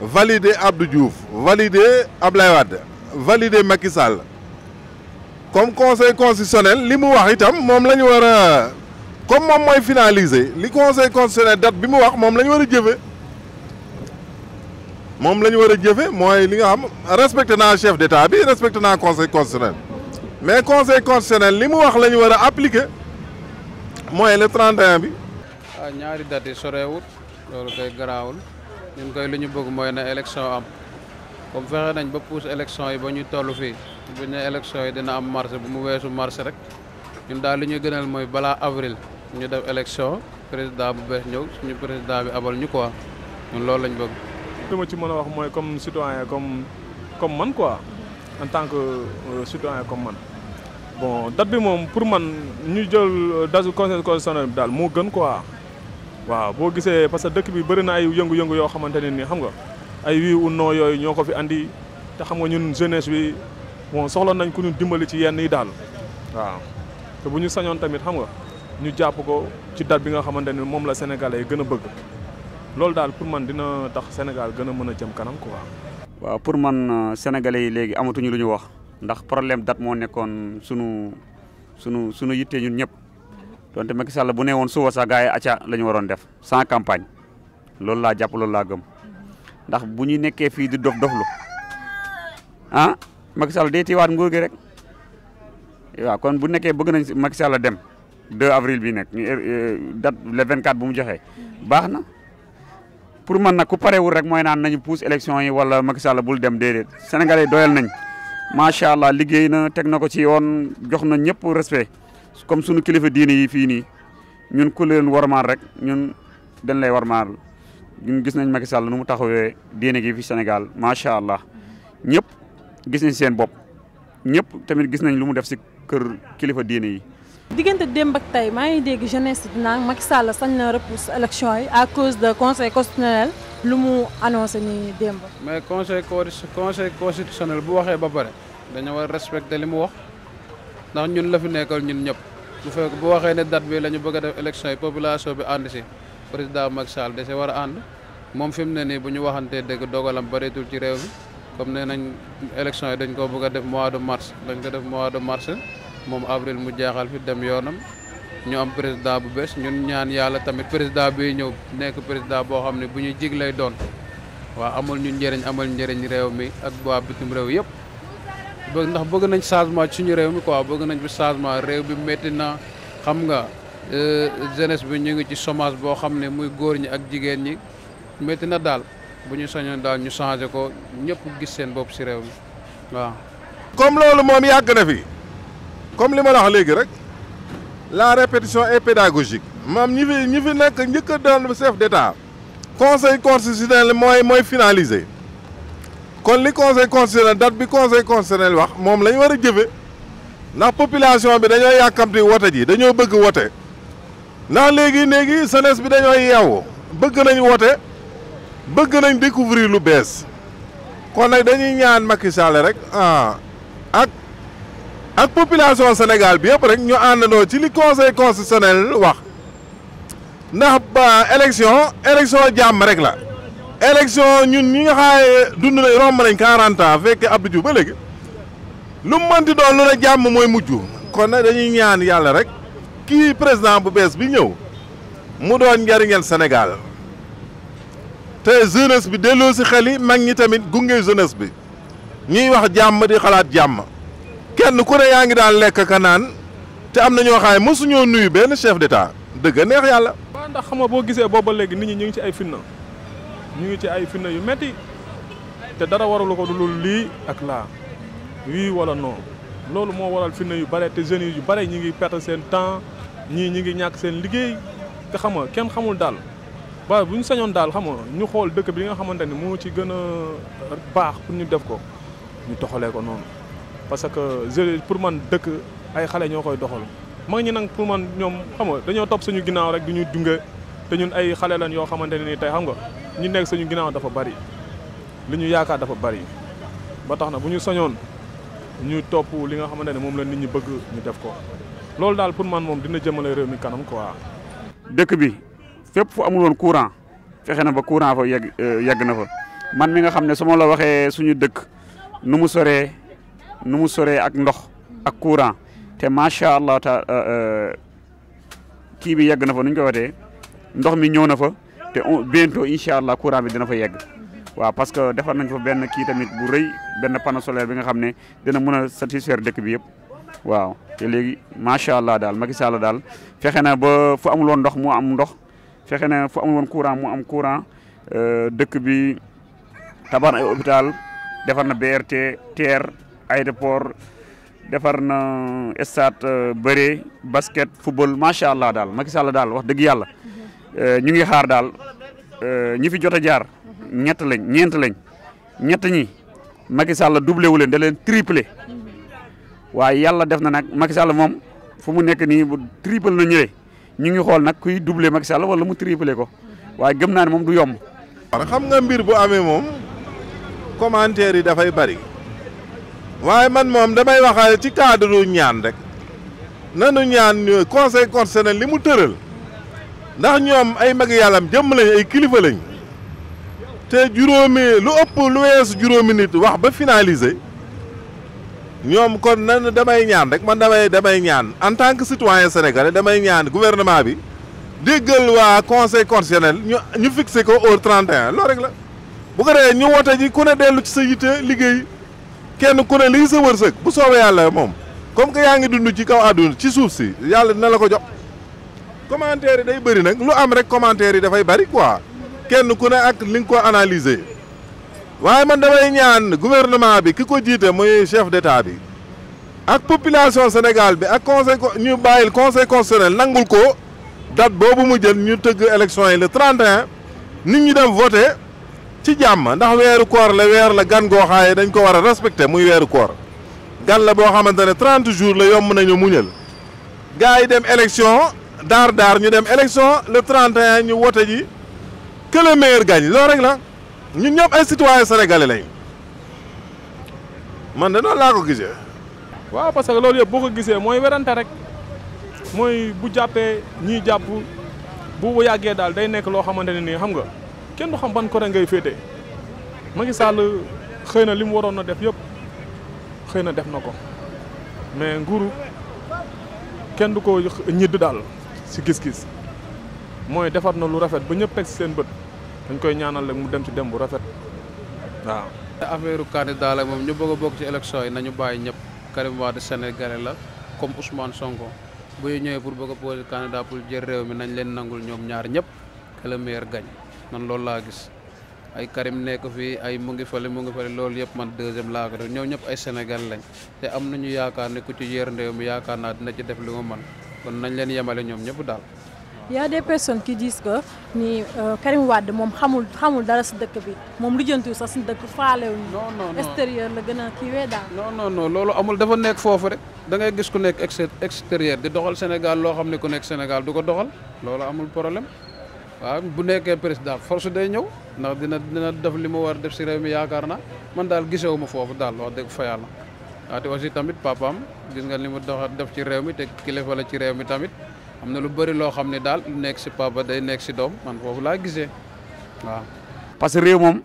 valider Abdou Diouf valider Ablaye valider Macky comme conseil constitutionnel li mu wax itam comme je le conseil constitutionnel date la a c'est a respecté chef d'état bi respecté le conseil constitutionnel mais conseil constitutionnel li mu wax appliquer le 31 bi. Ah, ñun koy lu ñu bëgg mooy na élection am comme fexe nañ ba pousse élection yi ba ñu toll fii bu ñu élection yi dina am marché bu mu weesu marché rek ñun daal li ñu gënal mooy balaa avril ñu def élection président bu bees ñëw suñu président bi abal ñu quoi ñun loolu lañ bëgg. li ma ci mën a wax mooy comme citoyen comme comme man quoi en tant que euh, citoyen comme man bon date bi moom pour man ñu jël euh, date conseil constitutionnel bi daal moo gën quoi. waaw boo gisee parce que dëkk bi bëri na ay yëngu-yëngu yoo xamante ne ni xam nga ay wii ou non yooyu ñoo ko fi andi te xam nga ñun jeunesse bi bon soxla nañ ku ñu dimbali ci yenn yi daal te bu ñu sañoon tamit xam nga ñu jàpp ko ci date bi nga xamante ne moom la sénégalais gën a bëgg loolu daal pour man dina tax Sénégal gën a mën a jëm kanam ko waaw pour man euh, sénégalais yi léegi amatuñu lu ñu wax ndax problème date moo nekkoon sunu sunu sunu yitte ñun ñëpp. donte Macky Sall bu ne suwa sa gaay acca la waron def sans campagne loolu la japp loolu la gëm ndax bu ñu di dof doflu ah Macky Sall day waat nguur gi rek wa kon bu nekké bëgg nañ Macky Sall dem 2 avril bi ñu eh, eh, date le 24 bu mu joxé baxna na pour man nak ku parewul rek moy naan nañu pousse élection yi wala Macky Sall bul dem dédé sénégalais doyal nañ sha allah liggéey na teg na ci yoon jox na ñepp respect comme sunu kilifa diine yi fii nii ñun ku leen warmaal rek ñun dañ lay warmaal ñun gis nañ Macky Sall nu mu taxawee diine gi fi Sénégal macha allah ñëpp gis nañ seen bopp ñëpp tamit gis nañ lu mu def si kër kilifa diine yi. diggante démb ak tey maa ngi dégg jeunesse dinaa Macky Sall sañ na repousse élection yi à cause de conseil constitutionnel lu mu annoncé nii démb. mais conseil conseil constitutionnel bu waxee ba pare dañoo war respecté li mu wax ndax ñun la fi nekkal ñun ñëpp. bu fekk bu waxee ne date bi la ñu bëgg a def élection yi population bi ànd si président Macky Sall da si war a ànd moom fi mu ne nii bu ñu waxantee dëgg dogalam bëreetul ci réew mi comme ne nañ élection yi dañ koo bëgg a def mois de mars dañ ko def mois de mars moom avril mu jaaxal fi dem yoonam ñu am président bu bees ñun ñaan yàlla tamit président bi ñëw nekk président boo xam ne bu ñuy jig lay doon waaw amul ñu njëriñ amal njëriñ réew mi ak waa bitim réew yëpp. bëgg ndax bëgg nañ changement ci suñu réew mi quoi bëgg nañ bi changement réew bi métti na xam nga euh, jeunesse bi ñu ngi ci chômage boo xam ne muy góor ñi ak jigéen ñi métti na daal bu ñu sañoon daal ñu changé ko ñëpp gis seen bopp si réew mi waaw. comme loolu moom yàgg na fi comme li ma léegi rek la répétition est pédagogique. maam ñi fi ñi fi nekk njëkk a doon chef d'état conseil constitutionnel mooy mooy finalisé. kon li conseil constitutionnel date bi conseil constitutionnel wax lañ population a la population bi dañoo ji veut bëgg jeunesse bi bëgg nañ bëgg nañ découvrir lu dañuy Macky Sall rek ah la population Sénégal bi yëpp rek ñu ci li conseil constitutionnel wax a ba élection élection a rek la élection ñun ñi nga xaaye dund nañ romb nañ 40 ans fekke Abdou Diouf ba léegi lu mu mënti doon lu ne jàmm mooy mujj kon nag dañuy ñaan yàlla rek kii président bu bees bi ñëw mu doon njariñal Sénégal te jeunesse bi delloo si xeli mag ñi tamit gunge jeunesse bi ñuy wax jàmm di xalaat jàmm kenn ku ne yaa ngi daan lekk ka te am na ñoo xaaye mosuñoo nuyu benn chef d'état dëgg neex yàlla. waaw ndax xam boo gisee boobu léegi nit ñi ñu ngi ci ay fitna. ñu ngi ci ay fitna yu metti te dara waralu ko loolu lii ak laa wii wala non loolu moo waral fitna yu bare te jeunes yu bare ñu ngi perte seen temps ñii ñu ngi ñàkk seen liggéey te xam nga kenn xamul daal waaye bu ñu sañoon daal xam nga ñu xool dëkk bi nga xamante ni moo ci gën a baax pour ñu def ko ñu doxalee ko noonu parce que jeunes pour man dëkk ay xale ñoo koy doxal mag ñi nag pour man ñoom xam nga dañoo topp suñu ginnaaw rek du ñu dunge te ñun ay xale lañ yoo xamante ne nii tey xam ñu nekk suñu ginaaw dafa bari lu ñu yaakaar dafa bari ba tax na bu ñu soñoon ñu topp li nga xamante ne moom la nit ñi bëgg ñu def ko loolu daal pour man moom dina jëmale réew mi kanam quoi. dëkk bi fépp fu amul woon courant fexe na ba courant fa yegg euh, yegg na fa man mi nga xam ne su ma la waxee suñu dëkk nu mu soree nu mu soree ak ndox ak courant te macha allah ta euh, euh, kii bi yegg na fa nu ñu ko watee ndox mi ñëw na fa. te on bientôt incha allah courant bi dina fa yegg waaw parce que defar nañ fa benn kii tamit bu rëy benn panneau solaire bi nga xam ne dina mën a satisfaire dëkk bi yëpp waaw te léegi macha allah daal Macky Sall daal fexe na ba fu amul woon ndox mu am ndox fexe na fu amul woon courant mu am courant euh, dëkk bi tabax ay hôpital defar na BRT TER aéroport defar na stade euh, bëre basket football macha allah daal Macky Sall daal wax dëgg yàlla. Eh, ñu ngi xaar daal eh, ñi fi jot a jaar ñett lañ ñeent lañ ñett ñi Macky Sall doublé wu leen da leen triplé waaye yàlla def na nag Macky Sall moom fu mu nekk nii bu triplé na ñëwee ñu ngi xool nag kuy doublé Macky Sall wala mu triplé ko waaye gëm naa ne moom du yomb. xam nga mbir bu amee moom commentaire yi dafay bari waaye man moom damay wax ci cadre ñaan rek nanu ñaan conseil constitutionnel li mu tëral. ndax ñoom ay mag yàllam jëmm lañ ay kilifa lañ te juróomi lu ëpp lu weesu juróomi nit wax ba finaliser ñoom kon nan damay ñaan rek man damay damay ñaan en tant que citoyen sénégalais damay ñaan gouvernement bi déggal waa conseil constitutionnel ñu ñu fixé ko au 31 loolu rek la bu ko defee ñu wote ji ku ne dellu ci sa yitte liggéey kenn ku ne lii sa wërsëg bu soobee yàlla moom comme que yaa ngi dund ci kaw àdduna ci suuf si yàlla dina la ko jox commentaires day bari nak lu am rek commentaires yi fay bari quoi kenn ku ne ak li nga ko analyser waye man damay ñaan gouvernement bi kiko ko moy chef d'état bi ak population Sénégal bi ak conseil ñu bayil conseil constitutionnel nangul ko date bobu mu jël ñu teug élection le 31 nit ñi dem voter ci jamm ndax weeru koor la weer la gan go xaye dañ ko wara respecter muy weeru koor gan la bo xamantene 30 jours la yom nañu muñal gaay dem élection daar daar ñu dem élection le 31 ñu wote ji que le meilleur gagne loolu rek la ñu ñëpp ay citoyens sénégalais lañ man dana noonu laa ko gisee. waaw parce que loolu yëpp boo ko gisee mooy werante rek mooy bu jàppee ñuy jàpp bu yàggee daal day nekk loo xamante ne nii xam nga kenn du xam ban rek ngay féete Macky Sall xëy na li mu waroon na def yëpp xëy na def na ko mais nguuru kenn du ko ñidd daal. si gis-gis mooy defar na lu rafet ba ñëpp teg si seen bët dañ koy ñaanal rek mu dem ci dem bu rafet waaw. affaire candidat la moom ñu bëgg a bokk ci élection yi nañu bàyyi ñëpp Karim Wade Sénégalais la comme Ousmane Sonko bu ñëwee pour bëgg a posé pour jël réew mi nañ leen nangul ñoom ñaar ñëpp que le meilleur loolu laa gis. ay Karim nekk fii ay mu ngi fële mu ngi fële loolu yëpp man deuxième laa ko def ñoom ñëpp ay Sénégal lañ te am nañu yaakaar ne ku ci yër réew mi yaakaar naa dina ci def li mu kon nañ leen yemale ñoom ñëpp daal. y a des personnes qui disent que ni euh, Karim Wade moom xamul xamul dara si dëkk bi moom lijjantiwul sax si dëkk faalewul. non extérieur la gën a kiiwee daal. non non non loolu amul dafa nekk foofu rek dangay gis ku nekk extérieur di doxal Sénégal loo xam ne ku nekk Sénégal du ko doxal loolu amul problème waaw bu nekkee président force day ñëw ndax dina dina def li mu war def si réew mi yaakaar naa man daal gisewu ma foofu daal wax dëgg fa yàlla. ndaxte ah, aussi tamit papaam gis nga li mu dox def ci réew mi te kilifa la ci réew mi tamit am na lu bëri loo xam ne daal lu nekk si papa day nekk si doom man foofu laa gise waaw. parce que réew moom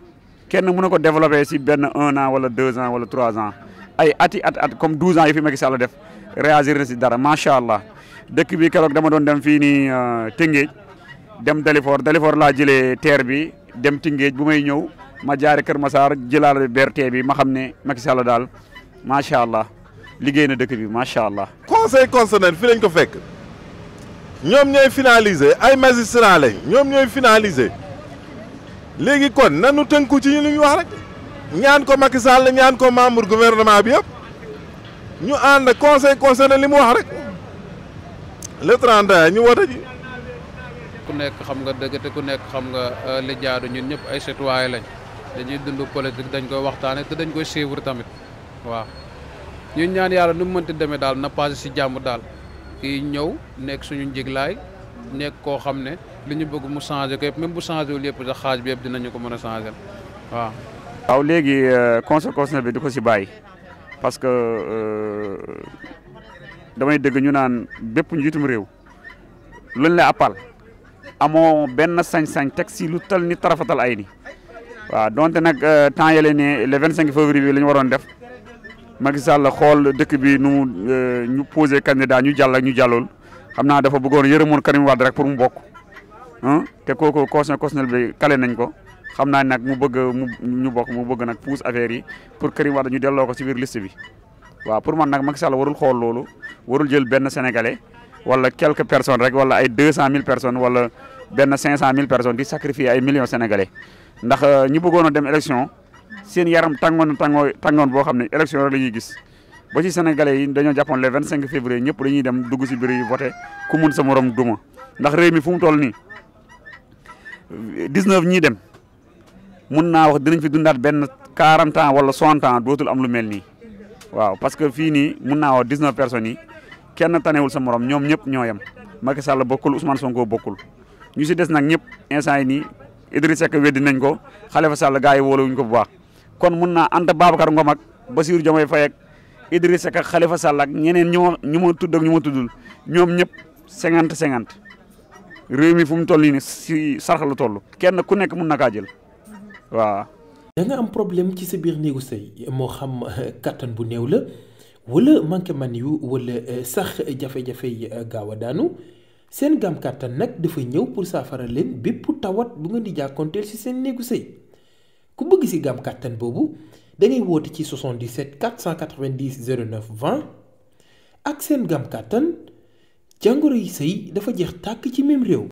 kenn mun na ko développé si benn un an wala deux ans wala trois ans ay ati at at comme douze ans yi fi Macky Sall def réagir na si dara macha allah dëkk bi keroog dama doon dem fii nii euh, Tëngéej dem Dalifor Dalifor laa jëlee terre bi dem Tëngéej bu may ñëw ma jaare Kër Massar jëlaal BRT bi ma xam ne Macky Sall daal. macha allah liggéey na dëkk bi macha allah. conseil constitutionnel fi lañ ko fekk ñoom ñooy finaliser ay magistrat lañ ñoom ñooy finaliser léegi kon nanu tënku ci ñu lu ñu wax rek ñaan ko Macky Sall ñaan ko membre gouvernement bi yëpp ñu ànd conseil constitutionnel li mu wax rek le 31 ñu woote ji. ku nekk xam nga dëgg te ku nekk xam nga euh, li jaadu ñun ñëpp ay citoyen lañ dañuy dund politique dañ koy waxtaane te dañ koy suivre tamit. waaw ñun ñaan yàlla nu mu mënti demee daal na si jàmm daal kii ñëw nekk suñu njiglaay nekk koo xam ne li ñu bëgg mu changé ko yëpp même bu changé wul yëpp sax xaaj bi yëpp dinañu ko mën a changé waaw. léegi euh, conséquence na bi du ko si bàyyi parce que euh, damay dégg ñu naan bépp njiitum réew luñ la appal amoo benn sañ-sañ teg si lu tal ni tarafatal ay ni waa donte nag euh, temps yële ne le 25 février bi la ñu waroon def. Macky la xool dëkk bi nu euh, ñu posé candidat ñu jàll ak ñu jàllool xam naa dafa bëggoon yërëmoon Karim Wade rek pour mu bokk te kooku conseil constitutionnel bi kale nañ ko xam naa nag mu bëgg mu ñu bokk mu bëgg nag pousse affaire yi pour Karim Wade ñu delloo ko si biir liste bi. waaw pour man nag Macky Sall warul xool loolu warul jël benn sénégalais wala quelques personnes rek wala ay deux cent mille personnes wala benn cinq cent mille personnes di sacrifier ay millions sénégalais ndax euh, ñi bëggoon dem élection. seen yaram tangon tangon tangon bo xamne election rek la ñuy gis ba ci sénégalais yi dañu japon le 25 février ñepp dañuy dem dugg ci biir yi voter ku mën sa morom duma ndax réew mi fu mu toll ni 19 ñi dem mën naa wax dinañ fi dundaat benn 40 ans wala 60 ans dootul am lu mel nii waaw parce que fii nii mun naa wax 19 personnes yi kenn tanewul sa morom ñoom ñëpp ñoo yem Macky Sall bokkul Ousmane Sonko bokkul ñu si des nag ñëpp instant yi nii Idrissa Seck weddi nañ ko Khalifa Sall gars yi wóoluwuñ ko bu baax kon mun naa Anta Babacar Ngom ak Bassirou Diomaye Faye ak Idrissa Seck ak Khalifa Sall ak ñeneen ñu ma tudd ak ñu ma tuddul ñoom ñëpp cinquante cinquante réew mi fu mu toll nii si sarxa la toll kenn ku nekk mun na kaa jël waaw. problème ci sa biir néegu sëy xam euh, kattan bu néew la wala manqué man yu euh, sax jafe euh, gaaw a daanu. seen gam kàttan nag dafa ñëw pour saafara leen bépp tawat bu ngeen di jàkkoonteel ci seen néegu sëy ku bëgg ci gam kàttan boobu da ngay woote ci 77 490 09 20 ak seen gam kàttan jàngoro yi sëy dafa jeex tàkk ci même réew.